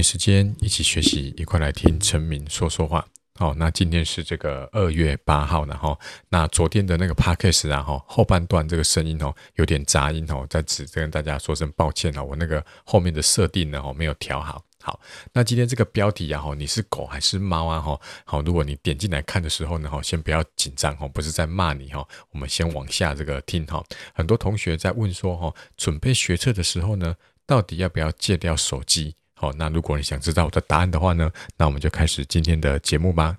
時間一起學習，一塊來聽陳明說說話。好，哦，那今天是這個二月八號，然後，哦，那昨天的那個 podcast，啊，後半段這個聲音哦有點雜音哦，在此跟大家說聲抱歉了哦。我那個後面的設定呢，哦沒有調好。好，那今天這個標題然後，啊，你是狗還是貓啊？哈，好，如果你點進來看的時候呢，哈，先不要緊張哦，不是在罵你哦，我們先往下這個聽哈。很多同學在問說哦，準備學測的時候呢，到底要不要戒掉手機？好、哦，那如果你想知道我的答案的話呢，那我們就開始今天的節目吧。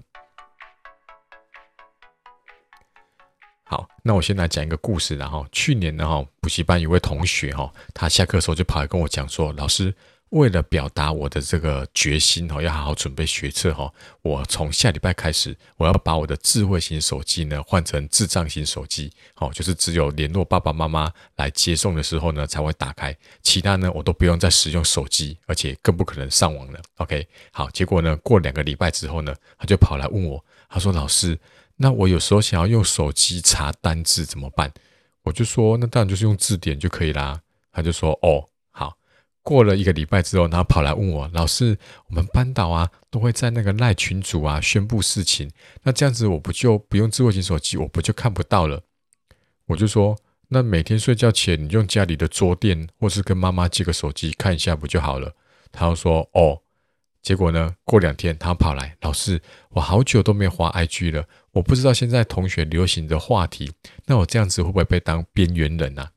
好，那我先來講一個故事。然後去年呢，哈、哦，補習班一位同學哈、哦，他下課的時候就跑來跟我講說，老師。為了表達我的這個決心哦，要好好準備學測哦，我從下禮拜開始，我要把我的智慧型手機呢換成智障型手機哦，就是只有聯絡爸爸媽媽來接送的時候呢才會打開，其他呢我都不用再使用手機，而且更不可能上網了。OK，好。結果呢，過兩個禮拜之後呢，他就跑來問我，他說：“老師，那我有時候想要用手機查單字怎麼辦？”我就說：“那當然就是用字典就可以啦。”他就說：“哦。”過了一個禮拜之後，他跑來問我：“老師，我們班導啊，都會在那個賴群組啊宣布事情。那這樣子我不就不用智慧型手機，我不就看不到了？”我就說：“那每天睡覺前你用家裡的桌墊，或是跟媽媽借個手機看一下，不就好了？”他就說：“哦。”結果呢，過兩天他跑來：“老師，我好久都沒有滑 IG 了，我不知道現在同學流行的話題，那我這樣子會不會被當邊緣人啊？”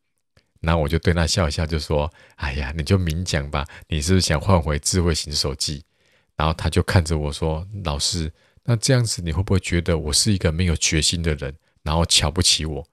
然後我就對他笑一笑，就說：“哎呀，你就明講吧，你是不是想換回智慧型手機？”然後他就看着我說：“老師，那這樣子你會不會覺得我是一個沒有決心的人，然後瞧不起我？”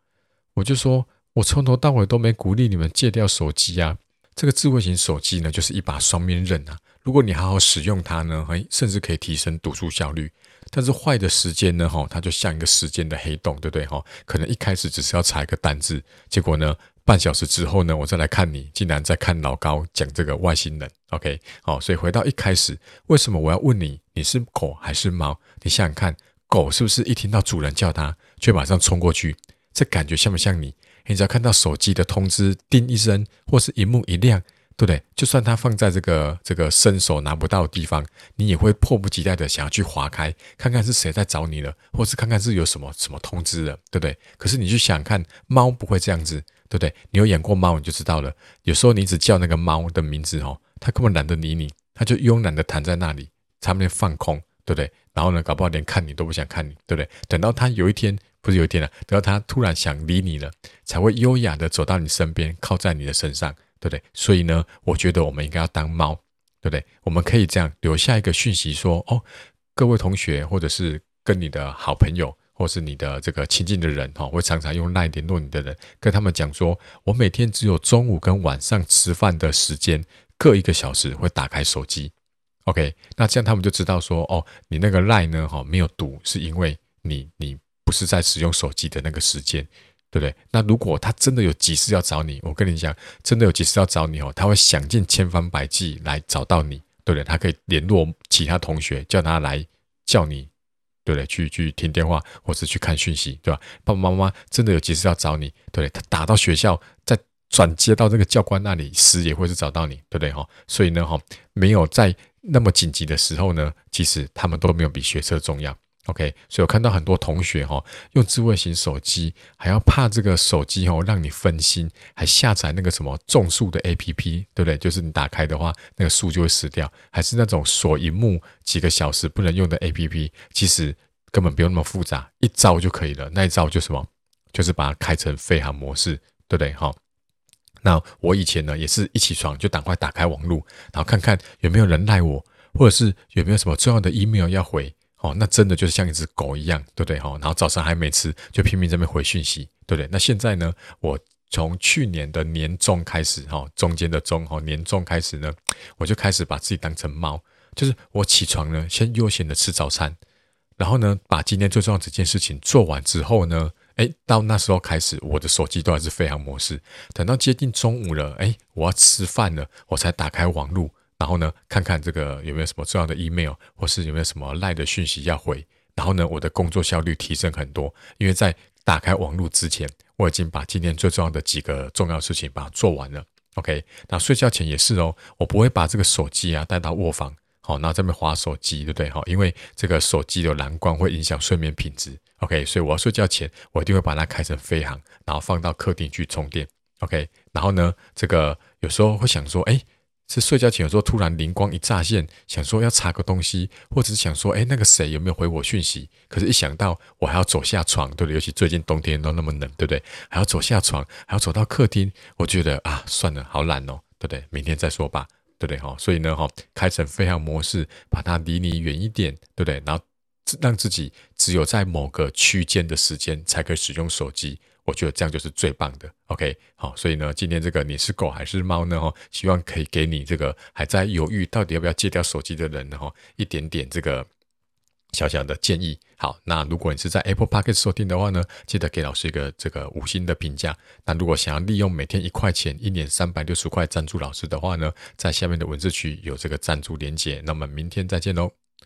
我就說：“我從頭到尾都沒鼓勵你們戒掉手機啊！這個智慧型手機呢，就是一把雙面刃啊！如果你好好使用它呢，哎，甚至可以提升讀書效率；但是壞的時間呢，它就像一個時間的黑洞，對不對？可能一開始只是要查一個單字，結果呢？”半小時之後呢，我再來看你，竟然在看老高講這個外星人。OK，好，所以回到一開始，為什麼我要問你，你是狗還是貓？你想想看，狗是不是一聽到主人叫它，就馬上衝過去？這感覺像不像你？你只要看到手機的通知叮一聲，或是螢幕一亮，對不對？就算它放在這個這個伸手拿不到的地方，你也會迫不及待的想要去滑開，看看是誰在找你了，或是看看是有什麼什麼通知了，對不對？可是你去想看，貓不會這樣子。對不對？你有養過貓，你就知道了。有時候你只叫那個貓的名字哦，它根本懶得理你，它就慵懶的躺在那裡，場面放空，對不對？然後呢，搞不好連看你都不想看你，對不對？等到它有一天，不是有一天了，啊，等到它突然想理你了，才會優雅的走到你身邊，靠在你的身上，對不對？所以呢，我覺得我們應該要當貓，對不對？我們可以這樣留下一個訊息說：哦，各位同學，或者是跟你的好朋友。或是你的這個親近的人哈，會常常用賴聯絡你的人，跟他們講說，我每天只有中午跟晚上吃飯的時間，各一個小時會打開手機，OK，那這樣他們就知道說，哦，你那個賴呢哈沒有讀，是因為你你不是在使用手機的那個時間，對不對？那如果他真的有急事要找你，我跟你講，真的有急事要找你哦，他會想盡千方百計來找到你，對不對？他可以聯絡其他同學，叫他來叫你。對不對？去去聽電話，或是去看訊息，對吧？爸爸媽媽真的有急事要找你，對不對？他打到學校，再轉接到這個教官那裡，時也會是找到你，對不對哈、哦？所以呢，哈、哦，沒有在那麼緊急的時候呢，其實他們都沒有比學車重要。OK，所以我看到很多同學哈、哦，用智慧型手機還要怕這個手機哈、哦，讓你分心，還下載那個什麼種樹的 APP，對不對？就是你打開的話，那個樹就會死掉，還是那種鎖螢幕幾個小時不能用的 APP。其實根本不用那麼複雜，一招就可以了。那一招就什麼？就是把它開成飛航模式，對不對？哈、哦。那我以前呢，也是一起床就趕快打開網絡，然後看看有沒有人賴我，或者是有沒有什麼重要的 email 要回。哦，那真的就是像一隻狗一樣，對不對？哈，然後早上還沒吃，就拼命在那邊回訊息，對不對？那現在呢，我從去年的年中開始，哈，中間的中，哈，年中開始呢，我就開始把自己當成貓，就是我起床呢，先悠閒的吃早餐，然後呢，把今天最重要的這件事情做完之後呢，哎，到那時候開始，我的手機都還是飛航模式，等到接近中午了，哎，我要吃飯了，我才打開網路。然後呢，看看這個有沒有什麼重要的 email，或是有沒有什麼 LINE 的訊息要回。然後呢，我的工作效率提升很多，因為在打開網絡之前，我已經把今天最重要的幾個重要事情把它做完了。OK，那睡覺前也是哦，我不會把這個手機啊帶到臥房，好，那那邊滑手機，對不對？哈，因為這個手機的藍光會影響睡眠品質。OK，所以我要睡覺前，我一定會把它開成飛行，然後放到客廳去充電。OK，然後呢，這個有時候會想說，哎。是睡覺前有時候突然靈光一乍現，想說要查個東西，或者是想說，哎，那個誰有沒有回我訊息？可是，一想到我還要走下床，對不對？尤其最近冬天都那麼冷，對不對？還要走下床，還要走到客廳，我覺得啊，算了，好懶哦，對不對？明天再說吧，對不對？所以呢，開成飛航模式，把它離你遠一點，對不對？然後讓自己只有在某個區間的時間，才可以使用手機。我覺得這樣就是最棒的，OK，好、哦，所以呢，今天這個你是狗還是貓呢？哈、哦，希望可以給你這個還在猶豫到底要不要戒掉手機的人呢，哈、哦，一點點這個小小的建議。好，那如果你是在 Apple Podcast 收聽的話呢，記得給老師一個這個五星的評價。那如果想要利用每天一塊錢，一年三百六十塊贊助老師的話呢，在下面的文字區有這個贊助連結。那麼明天再見嘍。